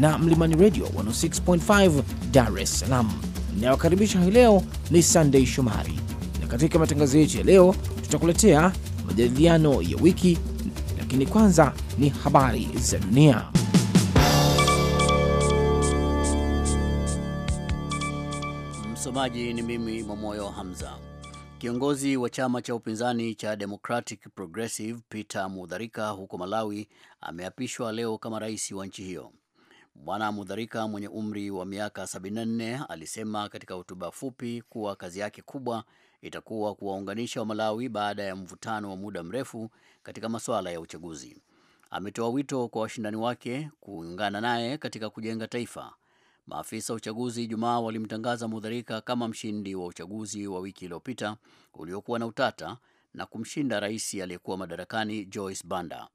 na Mlimani Radio 106.5 Dar es Salaam. Inayokaribisha hii leo ni Sunday Shomari, na katika matangazo yetu ya leo tutakuletea majadiliano ya wiki, lakini kwanza ni habari za dunia. Msomaji ni mimi Momoyo Hamza. Kiongozi wa chama cha upinzani cha Democratic Progressive Peter Mutharika huko Malawi ameapishwa leo kama rais wa nchi hiyo. Bwana Mudharika mwenye umri wa miaka 74 alisema katika hotuba fupi kuwa kazi yake kubwa itakuwa kuwaunganisha wa malawi baada ya mvutano wa muda mrefu katika masuala ya uchaguzi. Ametoa wito kwa washindani wake kuungana naye katika kujenga taifa. Maafisa wa uchaguzi Ijumaa walimtangaza Mudharika kama mshindi wa uchaguzi wa wiki iliyopita uliokuwa na utata na kumshinda rais aliyekuwa madarakani Joyce Banda.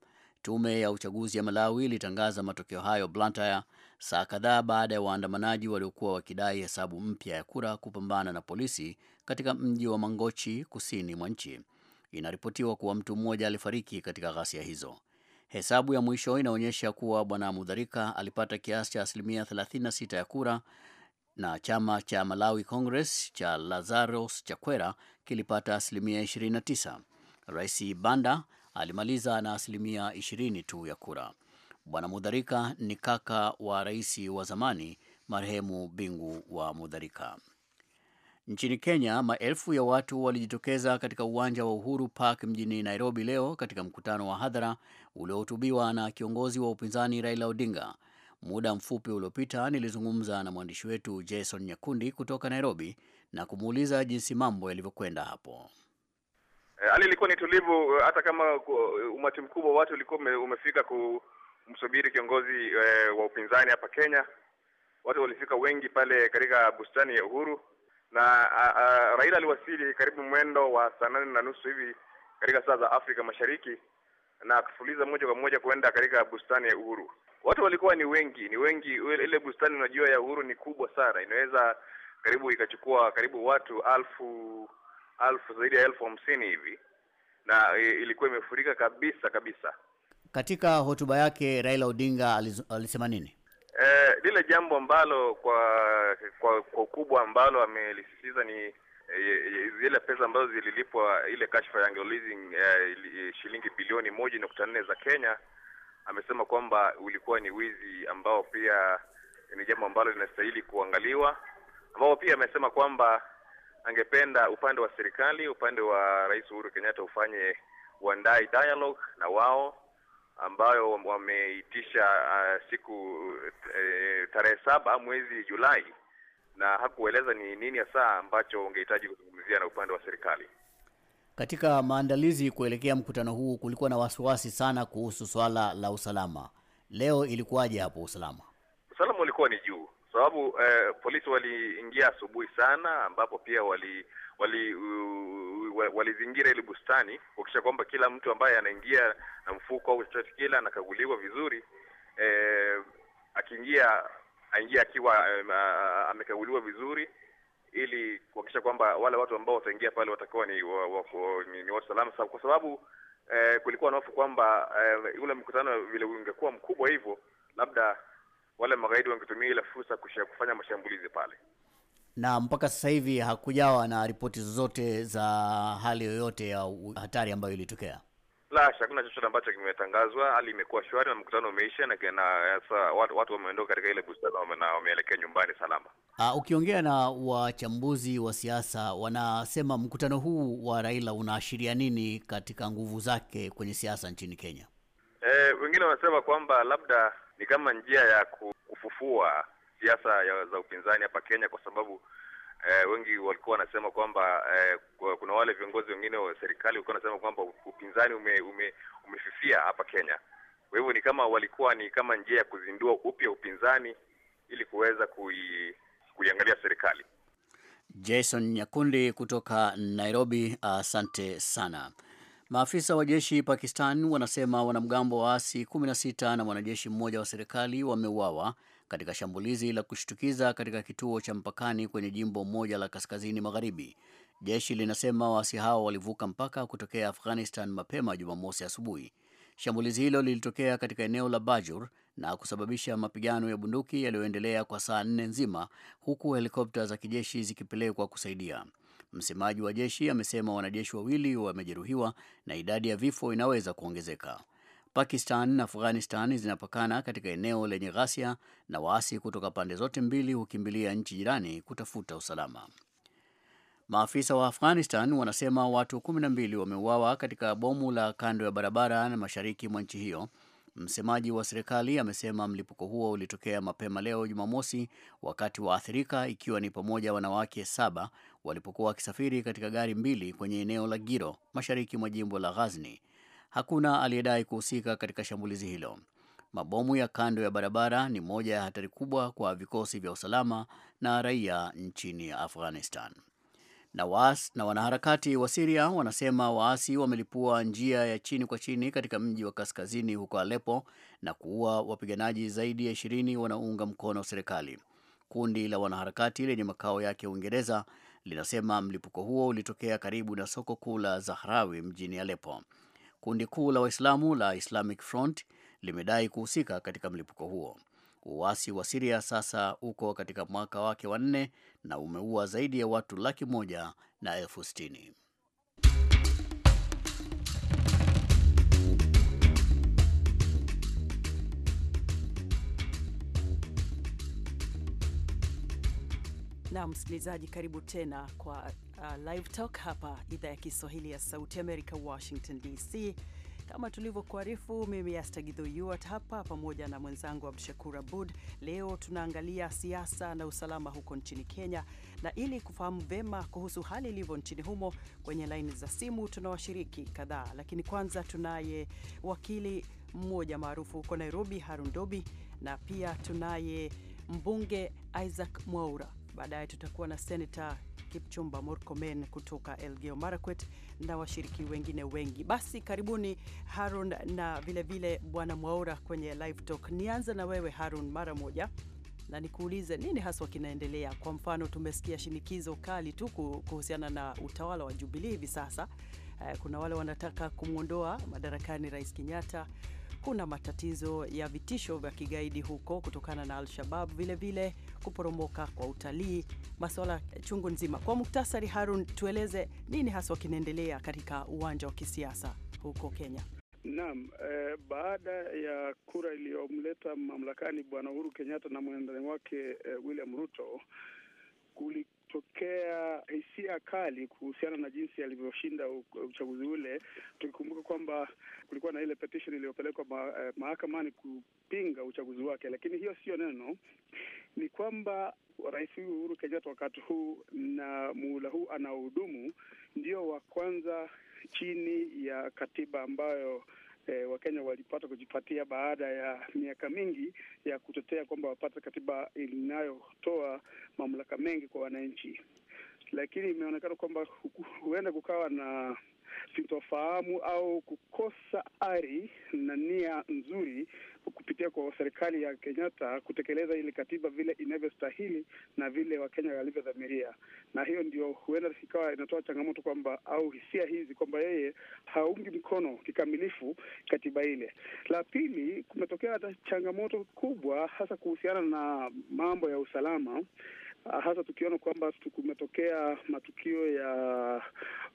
Tume ya uchaguzi ya Malawi ilitangaza matokeo hayo Blantyre saa kadhaa baada ya waandamanaji waliokuwa wakidai hesabu mpya ya kura kupambana na polisi katika mji wa Mangochi kusini mwa nchi. Inaripotiwa kuwa mtu mmoja alifariki katika ghasia hizo. Hesabu ya mwisho inaonyesha kuwa Bwana Mudharika alipata kiasi cha asilimia 36 ya kura na chama cha Malawi Congress cha Lazarus Chakwera kilipata asilimia 29. Rais Banda alimaliza na asilimia 20 tu ya kura. Bwana Mudharika ni kaka wa rais wa zamani marehemu Bingu wa Mudharika. Nchini Kenya, maelfu ya watu walijitokeza katika uwanja wa Uhuru Park mjini Nairobi leo katika mkutano wa hadhara uliohutubiwa na kiongozi wa upinzani Raila Odinga. Muda mfupi uliopita nilizungumza na mwandishi wetu Jason Nyakundi kutoka Nairobi na kumuuliza jinsi mambo yalivyokwenda hapo. Eh, hali ilikuwa ni tulivu, eh, hata kama eh, umati mkubwa wa watu ulikuwa umefika kumsubiri kiongozi e, wa upinzani hapa Kenya. Watu walifika wengi pale katika bustani ya Uhuru na Raila aliwasili karibu mwendo wa saa nane na nusu hivi katika saa za Afrika Mashariki na akafuliza moja kwa moja kuenda katika bustani ya Uhuru. Watu walikuwa ni wengi, ni wengi. Ile bustani unajua ya Uhuru ni kubwa sana, inaweza karibu ikachukua karibu watu alfu alfu zaidi ya elfu hamsini hivi na ilikuwa imefurika kabisa kabisa. Katika hotuba yake Raila Odinga alisema nini? Eh, lile jambo ambalo kwa kwa, kwa kubwa ambalo amelisisitiza ni e, e, zile pesa ambazo zililipwa ile kashfa ya Anglo Leasing e, shilingi bilioni moja nukta nne za Kenya. Amesema kwamba ulikuwa ni wizi ambao pia ni jambo ambalo linastahili kuangaliwa, ambapo pia amesema kwamba angependa upande wa serikali, upande wa Rais Uhuru Kenyatta ufanye uandae dialogue na wao ambayo wameitisha uh, siku uh, tarehe saba mwezi Julai, na hakueleza ni nini hasa ambacho ungehitaji kuzungumzia na upande wa serikali. Katika maandalizi kuelekea mkutano huu, kulikuwa na wasiwasi sana kuhusu swala la usalama. Leo ilikuwaje hapo? Usalama usalama ulikuwa ni juu sababu eh, polisi waliingia asubuhi sana, ambapo pia wali walizingira wali ile bustani kuhakikisha kwamba kila mtu ambaye anaingia na mfuko au chochote kile anakaguliwa vizuri eh, akiingia aingia akiwa eh, amekaguliwa vizuri ili kuhakikisha kwamba wale watu ambao wataingia pale watakuwa ni, wa, wa, ni, ni salama, kwa sababu eh, kulikuwa na hofu kwamba eh, ule mkutano vile ungekuwa mkubwa hivyo labda wale magaidi wangetumia ile fursa kufanya mashambulizi pale. Na mpaka sasa hivi hakujawa na ripoti zozote za hali yoyote ya hatari ambayo ilitokea. La, hakuna chochote ambacho kimetangazwa. Hali imekuwa shwari na mkutano umeisha na yasa, watu, watu wameondoka katika ile bustani na wameelekea nyumbani salama. Aa, ah, ukiongea na wachambuzi wa siasa wanasema mkutano huu wa Raila unaashiria nini katika nguvu zake kwenye siasa nchini Kenya? E, wengine wanasema kwamba labda ni kama njia ya kufufua siasa za upinzani hapa Kenya kwa sababu eh, wengi walikuwa wanasema kwamba eh, kuna wale viongozi wengine wa serikali walikuwa wanasema kwamba upinzani ume, ume, umefifia hapa Kenya. Kwa hivyo ni kama walikuwa ni kama njia ya kuzindua upya upinzani ili kuweza kui, kuiangalia serikali. Jason Nyakundi kutoka Nairobi, asante uh, sana. Maafisa wa jeshi Pakistan wanasema wanamgambo waasi 16 na mwanajeshi mmoja wa serikali wameuawa katika shambulizi la kushtukiza katika kituo cha mpakani kwenye jimbo moja la kaskazini magharibi. Jeshi linasema waasi hao walivuka mpaka kutokea Afghanistan mapema Jumamosi asubuhi. Shambulizi hilo lilitokea katika eneo la Bajur na kusababisha mapigano ya bunduki yaliyoendelea kwa saa nne nzima, huku helikopta za kijeshi zikipelekwa kusaidia. Msemaji wa jeshi amesema wanajeshi wawili wamejeruhiwa na idadi ya vifo inaweza kuongezeka. Pakistan na Afghanistan zinapakana katika eneo lenye ghasia na waasi kutoka pande zote mbili hukimbilia nchi jirani kutafuta usalama. Maafisa wa Afghanistan wanasema watu 12 wameuawa katika bomu la kando ya barabara na mashariki mwa nchi hiyo Msemaji wa serikali amesema mlipuko huo ulitokea mapema leo Jumamosi, wakati waathirika ikiwa ni pamoja wanawake saba walipokuwa wakisafiri katika gari mbili kwenye eneo la Giro, mashariki mwa jimbo la Ghazni. Hakuna aliyedai kuhusika katika shambulizi hilo. Mabomu ya kando ya barabara ni moja ya hatari kubwa kwa vikosi vya usalama na raia nchini Afghanistan na, waas, na wanaharakati wa Siria wanasema waasi wamelipua njia ya chini kwa chini katika mji wa kaskazini huko alepo na kuua wapiganaji zaidi ya ishirini wanaounga mkono serikali. Kundi la wanaharakati lenye makao yake Uingereza linasema mlipuko huo ulitokea karibu na soko kuu la Zahrawi mjini alepo Kundi kuu la Waislamu la Islamic Front limedai kuhusika katika mlipuko huo. Uasi wa Siria sasa uko katika mwaka wake wa nne na umeua zaidi ya watu laki moja na elfu sitini. Na msikilizaji, karibu tena kwa uh, Live Talk hapa idhaa ya Kiswahili ya Sauti Amerika, Washington DC. Kama tulivyokuarifu, mimi Astagidho Yuat hapa pamoja na mwenzangu Abdushakur Abud. Leo tunaangalia siasa na usalama huko nchini Kenya, na ili kufahamu vema kuhusu hali ilivyo nchini humo, kwenye laini za simu tuna washiriki kadhaa, lakini kwanza tunaye wakili mmoja maarufu huko Nairobi, Harun Dobi, na pia tunaye mbunge Isaac Mwaura Baadaye tutakuwa na senata Kipchumba Murkomen kutoka Elgeyo Marakwet na washiriki wengine wengi. Basi karibuni Harun na vilevile Bwana Mwaura kwenye live talk. Nianze na wewe Harun mara moja na nikuulize nini haswa kinaendelea. Kwa mfano, tumesikia shinikizo kali tu kuhusiana na utawala wa Jubilee hivi sasa. Eh, kuna wale wanataka kumwondoa madarakani Rais Kenyatta. Kuna matatizo ya vitisho vya kigaidi huko kutokana na Al-Shabab, vilevile kuporomoka kwa utalii, masuala chungu nzima. Kwa muktasari, Harun, tueleze nini haswa kinaendelea katika uwanja wa kisiasa huko Kenya? Naam, eh, baada ya kura iliyomleta mamlakani Bwana Uhuru Kenyatta na mwendani wake eh, William Ruto, kulitokea hisia kali kuhusiana na jinsi alivyoshinda uchaguzi ule, tukikumbuka kwamba kulikuwa na ile petition iliyopelekwa ma, eh, mahakamani kupinga uchaguzi wake, lakini hiyo sio neno ni kwamba rais huyu Uhuru Kenyatta wakati huu na muhula huu anahudumu, ndio wa kwanza chini ya katiba ambayo E, Wakenya walipata kujipatia baada ya miaka mingi ya kutetea kwamba wapate katiba inayotoa mamlaka mengi kwa wananchi, lakini imeonekana kwamba huenda kukawa na sintofahamu au kukosa ari na nia nzuri kupitia kwa serikali ya Kenyatta kutekeleza ile katiba vile inavyostahili na vile Wakenya walivyodhamiria, na hiyo ndio huenda ikawa inatoa changamoto kwamba, au hisia hizi kwamba yeye haungi mkono kikamilifu katiba ile. La pili, kumetokea hata changamoto kubwa hasa kuhusiana na mambo ya usalama Ah, hasa tukiona kwamba kumetokea matukio ya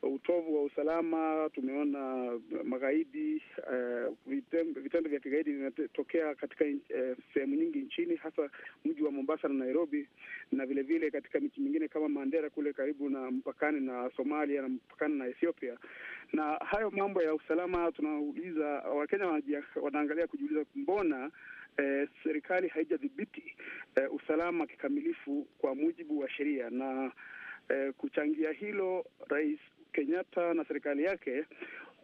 utovu wa usalama. Tumeona magaidi uh, vitendo, vya kigaidi vinatokea katika uh, sehemu nyingi nchini, hasa mji wa Mombasa na Nairobi, na vilevile vile katika miji mingine kama Mandera kule karibu na mpakani na Somalia na mpakani na Ethiopia. Na hayo mambo ya usalama tunauliza Wakenya wanaangalia kujiuliza mbona eh, serikali haijadhibiti eh, usalama kikamilifu kwa mujibu wa sheria na eh, kuchangia hilo, Rais Kenyatta na serikali yake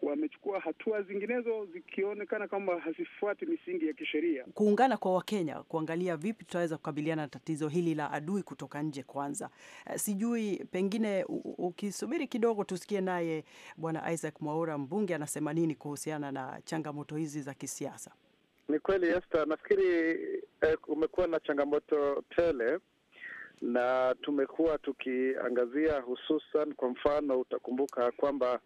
wamechukua hatua zinginezo zikionekana kwamba hazifuati misingi ya kisheria. Kuungana kwa Wakenya kuangalia vipi tutaweza kukabiliana na tatizo hili la adui kutoka nje kwanza. Eh, sijui, pengine ukisubiri kidogo tusikie naye Bwana Isaac Mwaura, mbunge, anasema nini kuhusiana na changamoto hizi za kisiasa. Ni kweli Esta, nafikiri eh, umekuwa na changamoto tele na tumekuwa tukiangazia hususan, kwa mfano, utakumbuka kwamba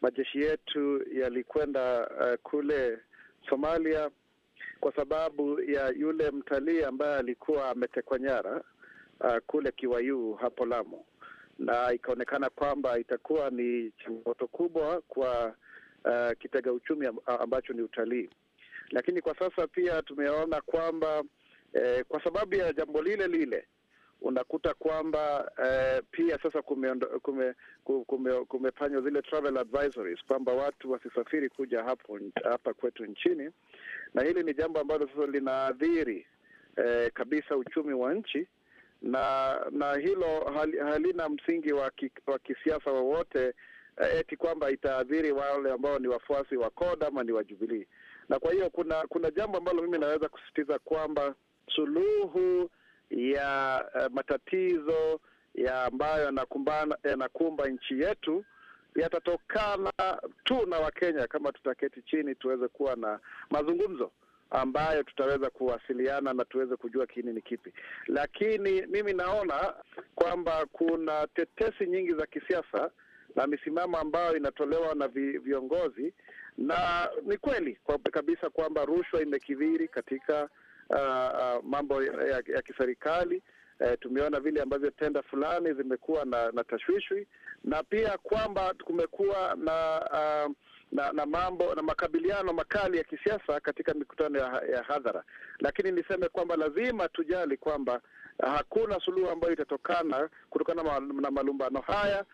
majeshi yetu yalikwenda uh, kule Somalia kwa sababu ya yule mtalii ambaye alikuwa ametekwa nyara uh, kule Kiwayu hapo Lamu, na ikaonekana kwamba itakuwa ni changamoto kubwa kwa uh, kitega uchumi ambacho ni utalii. Lakini kwa sasa pia tumeona kwamba eh, kwa sababu ya jambo lile lile unakuta kwamba eh, pia sasa kumefanywa kume, kume, kume zile travel advisories kwamba watu wasisafiri kuja hapo hapa kwetu nchini, na hili ni jambo ambalo sasa linaathiri eh, kabisa uchumi wa nchi na na hilo halina msingi wa kisiasa wowote eh, eti kwamba itaathiri wale ambao ni wafuasi wa CORD ama ni wa Jubilee na kwa hiyo kuna kuna jambo ambalo mimi naweza kusisitiza kwamba suluhu ya uh, matatizo ya ambayo yanakumba nchi yetu yatatokana tu na Wakenya kama tutaketi chini tuweze kuwa na mazungumzo ambayo tutaweza kuwasiliana na tuweze kujua kiini ni kipi. Lakini mimi naona kwamba kuna tetesi nyingi za kisiasa na misimamo ambayo inatolewa na vi, viongozi, na ni kweli kwa kabisa kwamba rushwa imekidhiri katika uh, uh, mambo ya, ya kiserikali. uh, tumeona vile ambavyo tenda fulani zimekuwa na, na tashwishwi na pia kwamba kumekuwa na, uh, na na mambo na makabiliano makali ya kisiasa katika mikutano ya, ya hadhara, lakini niseme kwamba lazima tujali kwamba hakuna suluhu ambayo itatokana kutokana na malumbano haya,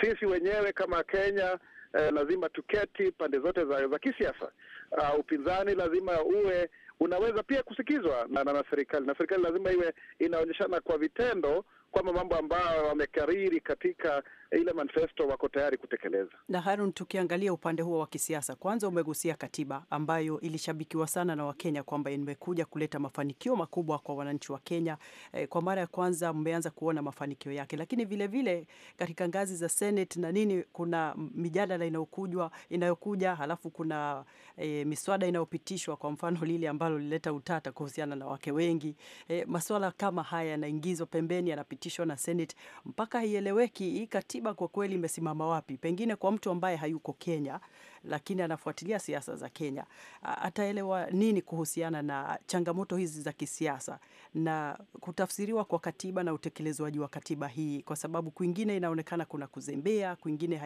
sisi wenyewe kama Kenya eh, lazima tuketi pande zote za, za kisiasa. Uh, upinzani lazima uwe unaweza pia kusikizwa na, na, na serikali na serikali lazima iwe inaonyeshana kwa vitendo kwamba mambo ambayo wamekariri katika ile manifesto wako tayari kutekeleza. Na Harun, tukiangalia upande huo wa kisiasa, kwanza umegusia katiba ambayo ilishabikiwa sana na Wakenya kwamba imekuja kuleta mafanikio makubwa kwa wananchi wa Kenya. E, kwa mara ya kwanza mmeanza kuona mafanikio yake, lakini vilevile vile, katika ngazi za Senate na nini kuna mijadala inayokujwa inayokuja, halafu kuna e, miswada inayopitishwa, kwa mfano lile ambalo lilileta utata kuhusiana na wake wengi. E, maswala kama haya yanaingizwa pembeni, yanapitishwa imepitishwa na Senate mpaka haieleweki. Hii katiba kwa kweli imesimama wapi? Pengine kwa mtu ambaye hayuko Kenya lakini anafuatilia siasa za Kenya, ataelewa nini kuhusiana na changamoto hizi za kisiasa na kutafsiriwa kwa katiba na utekelezwaji wa katiba hii, kwa sababu kwingine inaonekana kuna kuzembea, kwingine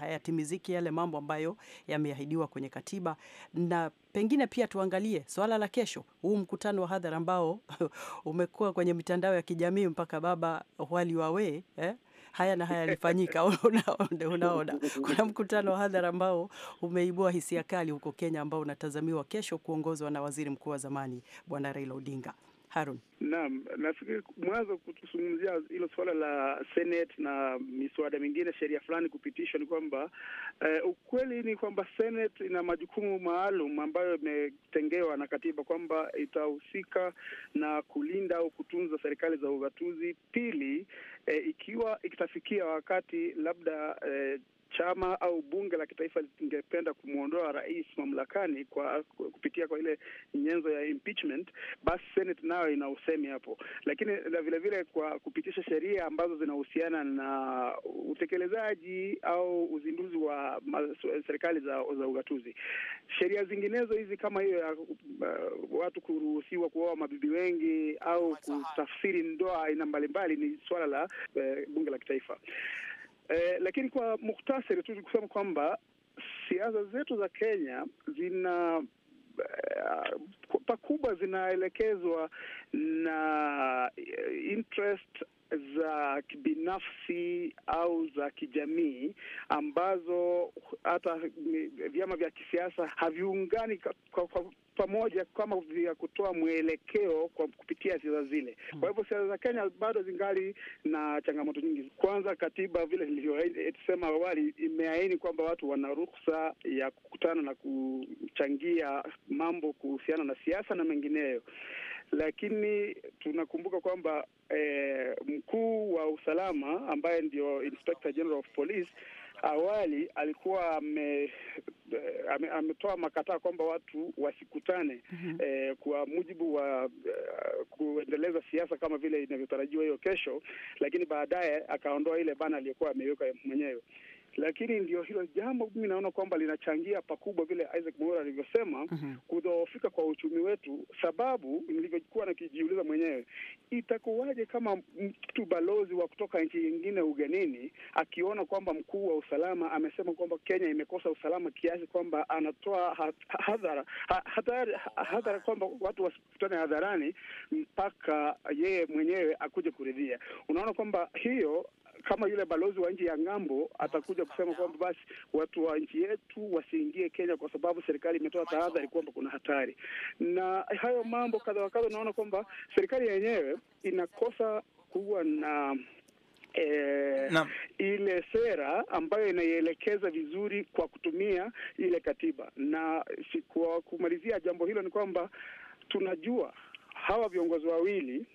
hayatimiziki yale mambo ambayo yameahidiwa kwenye katiba na pengine pia tuangalie swala la kesho, huu mkutano wa hadhara ambao umekuwa kwenye mitandao ya kijamii mpaka baba waliwawee eh, haya na haya yalifanyika. Unaona, unaona kuna mkutano wa hadhara ambao umeibua hisia kali huko Kenya, ambao unatazamiwa kesho kuongozwa na waziri mkuu wa zamani Bwana Raila Odinga. Harun. Naam, nafikiri mwanzo kuzungumzia hilo suala la Senate na miswada mingine, sheria fulani kupitishwa, ni kwamba eh, ukweli ni kwamba Senate ina majukumu maalum ambayo imetengewa na katiba kwamba itahusika na kulinda au kutunza serikali za ugatuzi. Pili, eh, ikiwa ikitafikia wakati labda eh, chama au bunge la kitaifa lingependa kumwondoa rais mamlakani kwa kupitia kwa ile nyenzo ya impeachment, basi Senate nayo ina usemi hapo, lakini na vile vile kwa kupitisha sheria ambazo zinahusiana na utekelezaji au uzinduzi wa serikali za, za ugatuzi. Sheria zinginezo hizi kama hiyo ya uh, watu kuruhusiwa kuoa mabibi wengi au kutafsiri ndoa aina mbalimbali ni swala la uh, bunge la kitaifa eh, lakini kwa muhtasari tu kusema kwamba siasa zetu za Kenya zina eh, pakubwa zinaelekezwa na interest za kibinafsi au za kijamii ambazo hata vyama vya kisiasa haviungani pamoja kama vya kutoa mwelekeo kwa kupitia siasa zile. Kwa hivyo siasa za Kenya bado zingali na changamoto nyingi. Kwanza, katiba vile nilivyosema eh, awali imeaini kwamba watu wana ruhusa ya kukutana na kuchangia mambo kuhusiana na siasa na mengineyo, lakini tunakumbuka kwamba eh, mkuu wa usalama ambaye ndio Inspector General of Police awali alikuwa ame, eh, ame, ametoa makataa kwamba watu wasikutane mm -hmm. Eh, kwa mujibu wa uh, kuendeleza siasa kama vile inavyotarajiwa hiyo kesho, lakini baadaye akaondoa ile bana aliyokuwa ameiweka mwenyewe lakini ndio hilo jambo mimi naona kwamba linachangia pakubwa, vile Isaac Mwaura alivyosema, uh kudhoofika kwa uchumi wetu, sababu nilivyokuwa nakijiuliza mwenyewe, itakuwaje kama mtu balozi wa kutoka nchi nyingine ugenini akiona kwamba mkuu wa usalama amesema kwamba Kenya imekosa usalama kiasi kwamba anatoa hadhara hadhara kwamba watu wasikutane hadharani mpaka yeye mwenyewe akuje kuridhia. Unaona kwamba hiyo kama yule balozi wa nchi ya ng'ambo atakuja kusema kwamba basi watu wa nchi yetu wasiingie Kenya kwa sababu serikali imetoa tahadhari kwamba kuna hatari, na hayo mambo kadha wa kadha. Unaona kwamba serikali yenyewe inakosa kuwa na Eh, na ile sera ambayo inaielekeza vizuri kwa kutumia ile katiba. Na kwa kumalizia jambo hilo, ni kwamba tunajua hawa viongozi wawili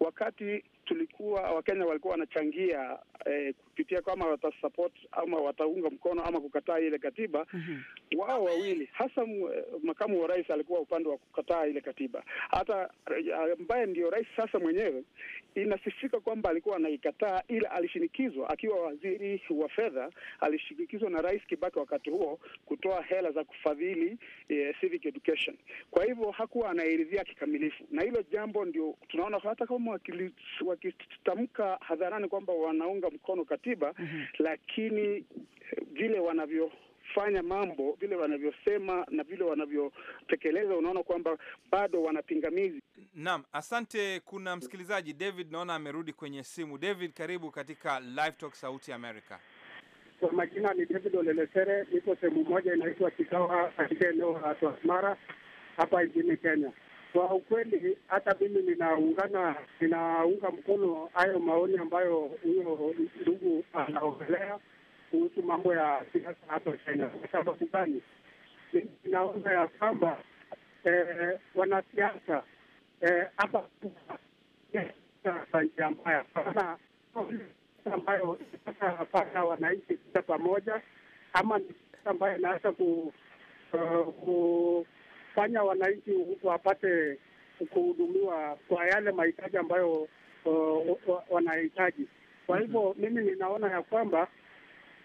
wakati tulikuwa Wakenya walikuwa wanachangia eh, kupitia kama watasupport ama wataunga mkono ama kukataa ile katiba mm -hmm. Wao wawili hasa eh, makamu wa rais alikuwa upande wa kukataa ile katiba, hata eh, ambaye ndio rais sasa mwenyewe inasifika kwamba alikuwa anaikataa, ila alishinikizwa akiwa waziri wa fedha, alishinikizwa na Rais Kibaki wakati huo kutoa hela za kufadhili eh, civic education. Kwa hivyo hakuwa anairidhia kikamilifu, na hilo jambo ndio tunaona hata kama wakili, wakitamka hadharani kwamba wanaunga mkono katiba mm -hmm. Lakini eh, vile wanavyofanya mambo, vile wanavyosema na vile wanavyotekeleza, unaona kwamba bado wanapingamizi. Naam, asante. Kuna msikilizaji David, naona amerudi kwenye simu. David, karibu katika Live Talk Sauti America. Kwa majina ni David Olelesere, niko sehemu moja inaitwa Kikawa katika eneo la Asmara hapa nchini Kenya. Kwa ukweli hata mimi ninaungana, ninaunga mkono hayo maoni ambayo huyo ndugu anaongelea kuhusu mambo ya siasa hapa China. Kwa sababu gani? Ninaona ya kwamba eh, wanasiasa eh, hapa njia mbaya sana ambayo hapana wananchi kuja pamoja, ama ni ambayo inaweza ku eh, kufanya wananchi wapate kuhudumiwa kwa yale mahitaji ambayo wanahitaji. Kwa hivyo mhm. mimi ninaona ya kwamba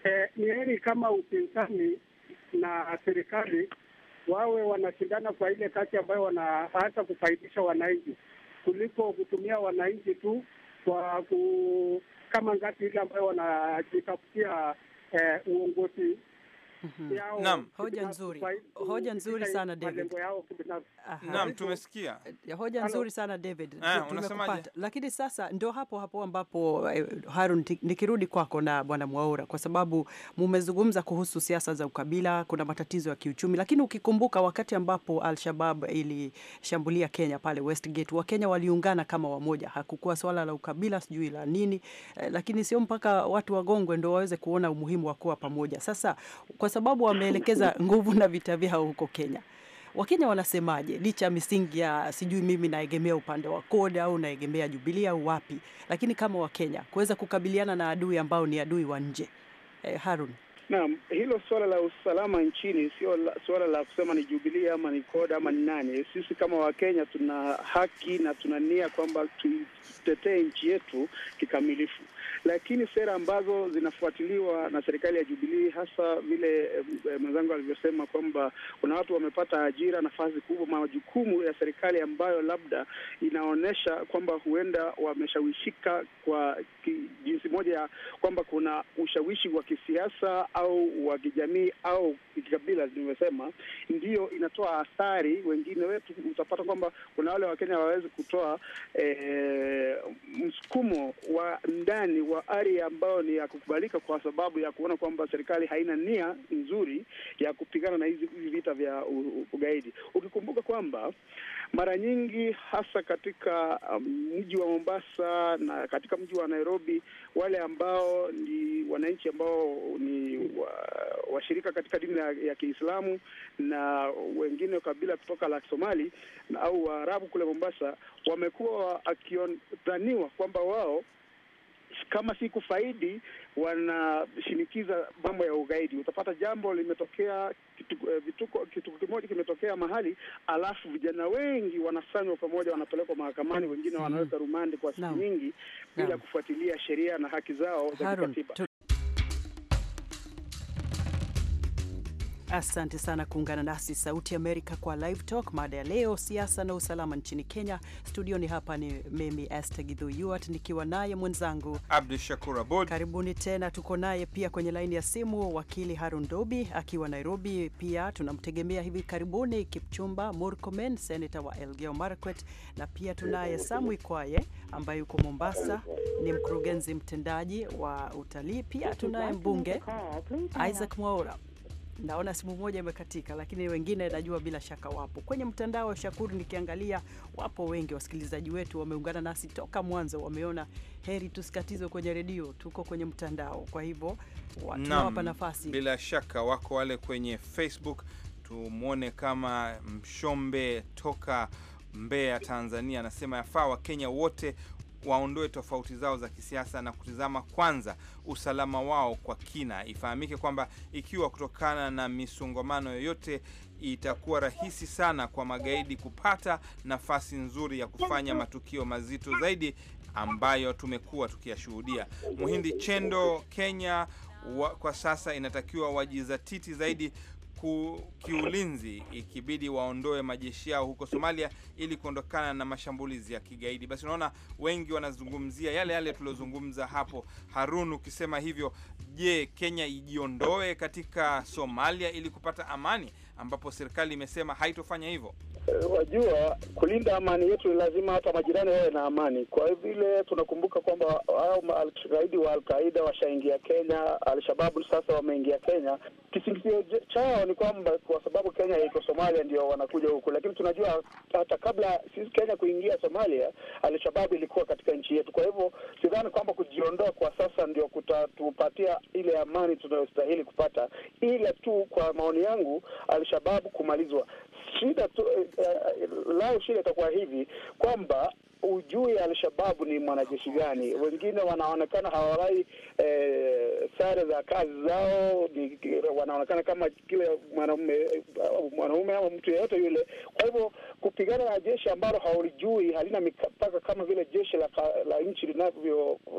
eh, ni heri kama upinzani na serikali wawe wanashindana kwa ile kazi ambayo wanaanza kufaidisha wananchi kuliko kutumia wananchi tu kwa ku, kama ngazi ile ambayo wanajitafutia eh, uongozi Mhm. yao. Naam, hoja nzuri, hoja eh, nzuri sana David. Naam, tumesikia ya hoja nzuri sana David, tumekupata. Lakini sasa ndio hapo hapo ambapo eh, Harun, nikirudi kwako na bwana Mwaura, kwa sababu mumezungumza kuhusu siasa za ukabila, kuna matatizo ya kiuchumi, lakini ukikumbuka wakati ambapo Al-Shabab ilishambulia Kenya pale Westgate, Wakenya waliungana kama wamoja, hakukuwa swala la ukabila sijui la nini, eh, lakini sio mpaka watu wagongwe ndio waweze kuona umuhimu wa kuwa pamoja. Sasa kwa sababu wameelekeza nguvu na vita vyao huko Kenya. Wakenya wanasemaje licha ya misingi ya sijui mimi naegemea upande wa kodi au naegemea Jubilia au wapi, lakini kama Wakenya kuweza kukabiliana na adui ambao ni adui wa nje eh, Harun. Naam, hilo suala la usalama nchini sio suala la kusema ni Jubilia ama ni koda ama ni nani. Sisi kama Wakenya tuna haki na tuna nia kwamba tutetee nchi yetu kikamilifu lakini sera ambazo zinafuatiliwa na serikali ya Jubilii, hasa vile eh, eh, mwenzangu alivyosema kwamba kuna watu wamepata ajira, nafasi kubwa, majukumu ya serikali ambayo labda inaonyesha kwamba huenda wameshawishika kwa jinsi moja ya kwamba kuna ushawishi wa kisiasa au wa kijamii au kikabila, nilivyosema, ndiyo inatoa athari. Wengine wetu utapata kwamba kuna wale Wakenya hawawezi kutoa eh, msukumo wa ndani wa wa ari ambayo ni ya kukubalika, kwa sababu ya kuona kwamba serikali haina nia nzuri ya kupigana na hizi vita vya ugaidi, ukikumbuka kwamba mara nyingi hasa katika um, mji um, wa Mombasa na katika mji wa Nairobi, wale ambao ni wananchi ambao ni washirika katika dini ya, ya Kiislamu na wengine kabila kutoka la Somali na au Waarabu kule Mombasa wamekuwa wakidhaniwa kwamba wao kama si kufaidi, wanashinikiza mambo ya ugaidi. Utapata jambo limetokea eh, vituko, kituko kimoja kimetokea mahali, alafu vijana wengi wanasanywa pamoja, wanapelekwa mahakamani, wengine hmm. wanaweka rumandi kwa siku nyingi bila kufuatilia sheria na haki zao za kikatiba. Asante sana kuungana nasi Sauti Amerika kwa Live Talk, mada ya leo, siasa na usalama nchini Kenya. Studioni hapa ni mimi Esther Githu Yuart nikiwa naye mwenzangu Abdu Shakur Abud. Karibuni tena, tuko naye pia kwenye laini ya simu wakili Harun Dobi akiwa Nairobi. Pia tunamtegemea hivi karibuni Kipchumba Murkomen, senata wa Elgeyo Marakwet, na pia tunaye Samwi Kwaye ambaye yuko Mombasa, ni mkurugenzi mtendaji wa utalii. Pia tunaye mbunge Isaac Mwaura naona simu moja imekatika, lakini wengine najua bila shaka wapo kwenye mtandao wa Shakuru. Nikiangalia wapo wengi wasikilizaji wetu wameungana nasi toka mwanzo, wameona heri tusikatizwe kwenye redio, tuko kwenye mtandao. Kwa hivyo tunawapa nafasi. Bila shaka wako wale kwenye Facebook, tumwone kama Mshombe toka Mbeya, Tanzania, anasema yafaa Wakenya wote waondoe tofauti zao za kisiasa na kutizama kwanza usalama wao kwa kina. Ifahamike kwamba ikiwa kutokana na misongamano yoyote itakuwa rahisi sana kwa magaidi kupata nafasi nzuri ya kufanya matukio mazito zaidi ambayo tumekuwa tukiyashuhudia. Muhindi Chendo, Kenya wa, kwa sasa inatakiwa wajizatiti zaidi ku, kiulinzi ikibidi waondoe majeshi yao huko Somalia ili kuondokana na mashambulizi ya kigaidi. Basi unaona wengi wanazungumzia yale yale tuliozungumza hapo. Harun, ukisema hivyo, je, Kenya ijiondoe katika Somalia ili kupata amani? ambapo serikali imesema haitofanya hivyo. Eh, wajua, kulinda amani yetu ni lazima hata majirani wawe na amani. Kwa vile tunakumbuka kwamba hao magaidi wa Alqaida washaingia Kenya, Alshababu sasa wameingia Kenya. Kisingizio chao ni kwamba kwa sababu Kenya iko Somalia ndio wanakuja huku, lakini tunajua hata kabla sisi Kenya kuingia Somalia, Alshababu ilikuwa katika nchi yetu. Kwa hivyo sidhani kwamba kujiondoa kwa sasa ndio kutatupatia ile amani tunayostahili kupata, ila tu kwa maoni yangu al Alshababu kumalizwa. Shida tu, uh, lao shida itakuwa hivi kwamba ujui Alshababu ni mwanajeshi gani. Wengine wanaonekana hawarai e, sare za kazi zao ni, wanaonekana kama kile mwanaume mwanaume ama mtu yeyote yule. Kwa hivyo kupigana na jeshi ambalo haulijui halina mipaka kama vile jeshi la, la nchi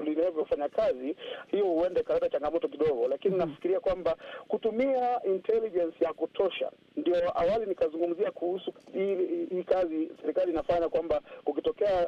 linavyofanya kazi, hiyo huenda ikaleta changamoto kidogo, lakini mm, nafikiria kwamba kutumia intelligence ya kutosha, ndio awali nikazungumzia kuhusu hii kazi serikali inafanya kwamba kukitokea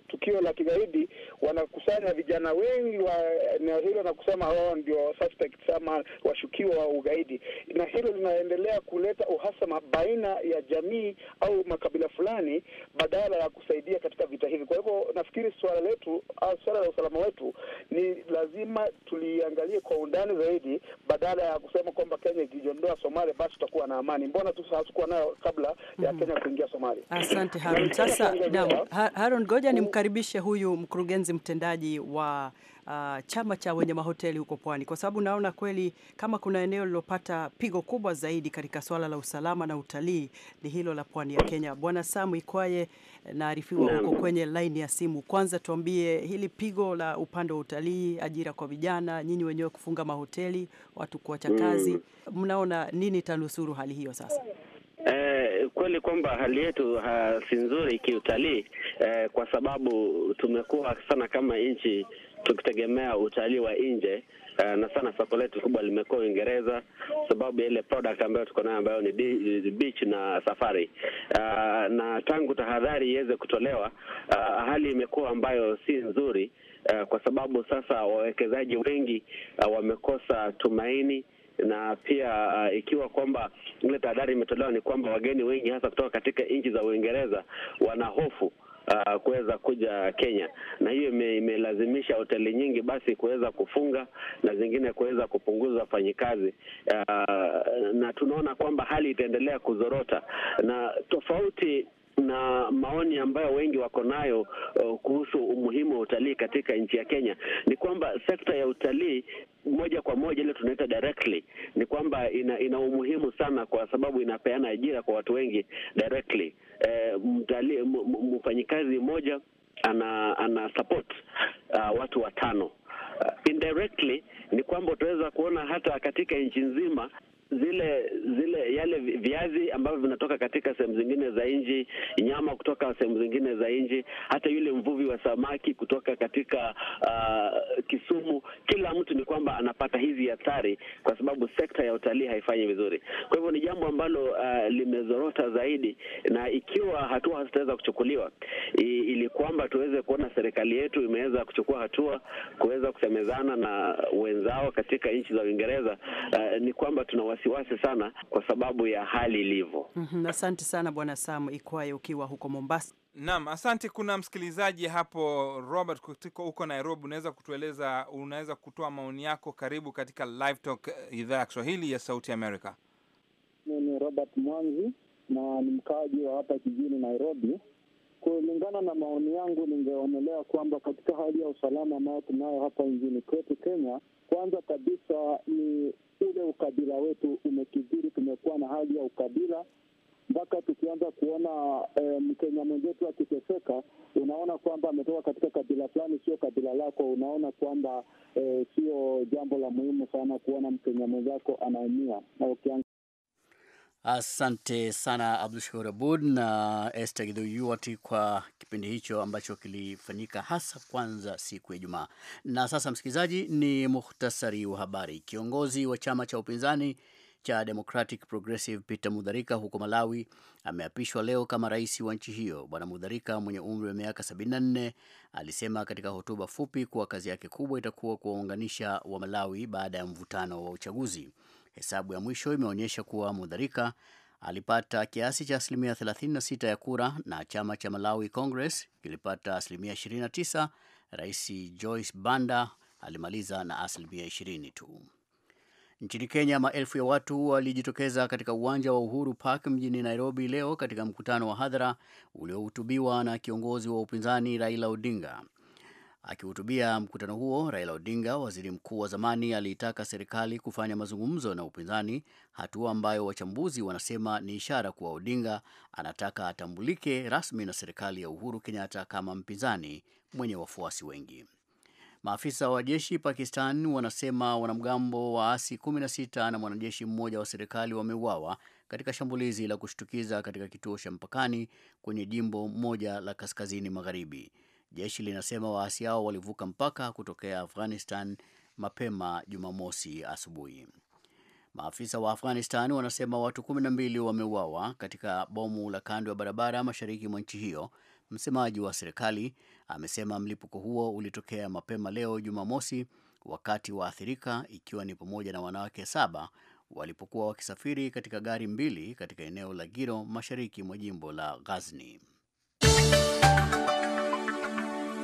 tukio la kigaidi, wanakusanya vijana wengi wa eneo hilo na kusema wao oh, ndio suspects ama washukiwa wa ugaidi, na hilo linaendelea kuleta uhasama baina ya jamii au makabila fulani badala ya kusaidia katika vita hivi. Kwa hivyo nafikiri suala letu au ah, suala la usalama wetu ni lazima tuliangalie kwa undani zaidi, badala ya kusema kwamba Kenya ikijiondoa Somalia basi tutakuwa na amani. Mbona tu hatukuwa nayo kabla ya mm. Kenya kuingia Somalia? Asante Harun. Sasa Harun, ngoja ni nimkaribishe huyu mkurugenzi mtendaji wa uh, chama cha wenye mahoteli huko Pwani, kwa sababu naona kweli kama kuna eneo lilopata pigo kubwa zaidi katika swala la usalama na utalii ni hilo la pwani ya Kenya. Bwana Samu Ikwaye eh, naarifiwa huko kwenye laini ya simu. Kwanza tuambie hili pigo la upande wa utalii, ajira kwa vijana, nyinyi wenyewe kufunga mahoteli, watu kuacha kazi, mm. mnaona nini tanusuru hali hiyo sasa? Eh, kweli kwamba hali yetu ha, si nzuri kiutalii eh, kwa sababu tumekuwa sana kama nchi tukitegemea utalii wa nje eh, na sana soko letu kubwa limekuwa Uingereza sababu ya ile product ambayo tuko nayo ambayo ni beach na safari eh, na tangu tahadhari iweze kutolewa eh, hali imekuwa ambayo si nzuri. Uh, kwa sababu sasa wawekezaji wengi uh, wamekosa tumaini na pia uh, ikiwa kwamba ile tahadhari imetolewa ni kwamba wageni wengi hasa kutoka katika nchi za Uingereza wana hofu Uh, kuweza kuja Kenya na hiyo imelazimisha hoteli nyingi basi kuweza kufunga na zingine kuweza kupunguza wafanyikazi uh, na tunaona kwamba hali itaendelea kuzorota na tofauti na maoni ambayo wengi wako nayo uh, kuhusu umuhimu wa utalii katika nchi ya Kenya ni kwamba sekta ya utalii moja kwa moja ile tunaita directly ni kwamba ina, ina umuhimu sana kwa sababu inapeana ajira kwa watu wengi directly. E, mtalii mfanyikazi mmoja ana, ana support uh, watu watano. Uh, indirectly ni kwamba utaweza kuona hata katika nchi nzima zile viazi ambavyo vinatoka katika sehemu zingine za nchi, nyama kutoka sehemu zingine za nchi, hata yule mvuvi wa samaki kutoka katika uh, Kisumu. Kila mtu ni kwamba anapata hizi athari, kwa sababu sekta ya utalii haifanyi vizuri. Kwa hivyo ni jambo ambalo uh, limezorota zaidi, na ikiwa hatua hazitaweza kuchukuliwa, ili kwamba tuweze kuona serikali yetu imeweza kuchukua hatua kuweza kusemezana na wenzao katika nchi za Uingereza, uh, ni kwamba tuna wasiwasi sana kwa sababu ya hali ilivyo. mm -hmm. Asante sana Bwana Sam Ikwaye ukiwa huko Mombasa. Naam, asante. Kuna msikilizaji hapo Robert kutiko huko Nairobi, unaweza kutueleza, unaweza kutoa maoni yako. Karibu katika Live Talk, eh, idhaa ya Kiswahili ya Sauti Amerika. ni Robert Mwanzi na ni mkaaji wa hapa jijini Nairobi. Kulingana na maoni yangu, ningeonelea kwamba katika hali ya usalama ambayo tunayo hapa nchini kwetu Kenya, kwanza kabisa ni ule ukabila wetu umekidhiri. Tumekuwa na hali ya ukabila mpaka tukianza kuona e, Mkenya mwenzetu akiteseka, unaona kwamba ametoka katika kabila fulani, sio kabila lako. Unaona kwamba e, sio jambo la muhimu sana kuona Mkenya mwenzako anaumia na Asante sana Abdu Shakur Abud na Esther Gidhuyuwati kwa kipindi hicho ambacho kilifanyika hasa kwanza siku ya Ijumaa. Na sasa, msikilizaji, ni muhtasari wa habari. Kiongozi wa chama cha upinzani cha Democratic Progressive Peter Mudharika huko Malawi ameapishwa leo kama rais wa nchi hiyo. Bwana mudharika mwenye umri wa miaka 74 alisema katika hotuba fupi kuwa kazi yake kubwa itakuwa kuwaunganisha wa Malawi baada ya mvutano wa uchaguzi. Hesabu ya mwisho imeonyesha kuwa Mudharika alipata kiasi cha asilimia 36 ya kura na chama cha Malawi Congress kilipata asilimia 29. Rais Joyce Banda alimaliza na asilimia 20 tu. Nchini Kenya, maelfu ya watu walijitokeza katika uwanja wa Uhuru Park mjini Nairobi leo katika mkutano wa hadhara uliohutubiwa na kiongozi wa upinzani Raila Odinga. Akihutubia mkutano huo, Raila Odinga, waziri mkuu wa zamani, aliitaka serikali kufanya mazungumzo na upinzani, hatua ambayo wachambuzi wanasema ni ishara kuwa Odinga anataka atambulike rasmi na serikali ya Uhuru Kenyatta kama mpinzani mwenye wafuasi wengi. Maafisa wa jeshi Pakistan wanasema wanamgambo waasi 16 na mwanajeshi mmoja wa serikali wameuawa katika shambulizi la kushtukiza katika kituo cha mpakani kwenye jimbo moja la kaskazini magharibi. Jeshi linasema waasi hao walivuka mpaka kutokea Afghanistan mapema Jumamosi asubuhi. Maafisa wa Afghanistan wanasema watu kumi na mbili wameuawa katika bomu la kando ya barabara mashariki mwa nchi hiyo. Msemaji wa serikali amesema mlipuko huo ulitokea mapema leo Jumamosi, wakati waathirika ikiwa ni pamoja na wanawake saba walipokuwa wakisafiri katika gari mbili katika eneo la Giro mashariki mwa jimbo la Ghazni.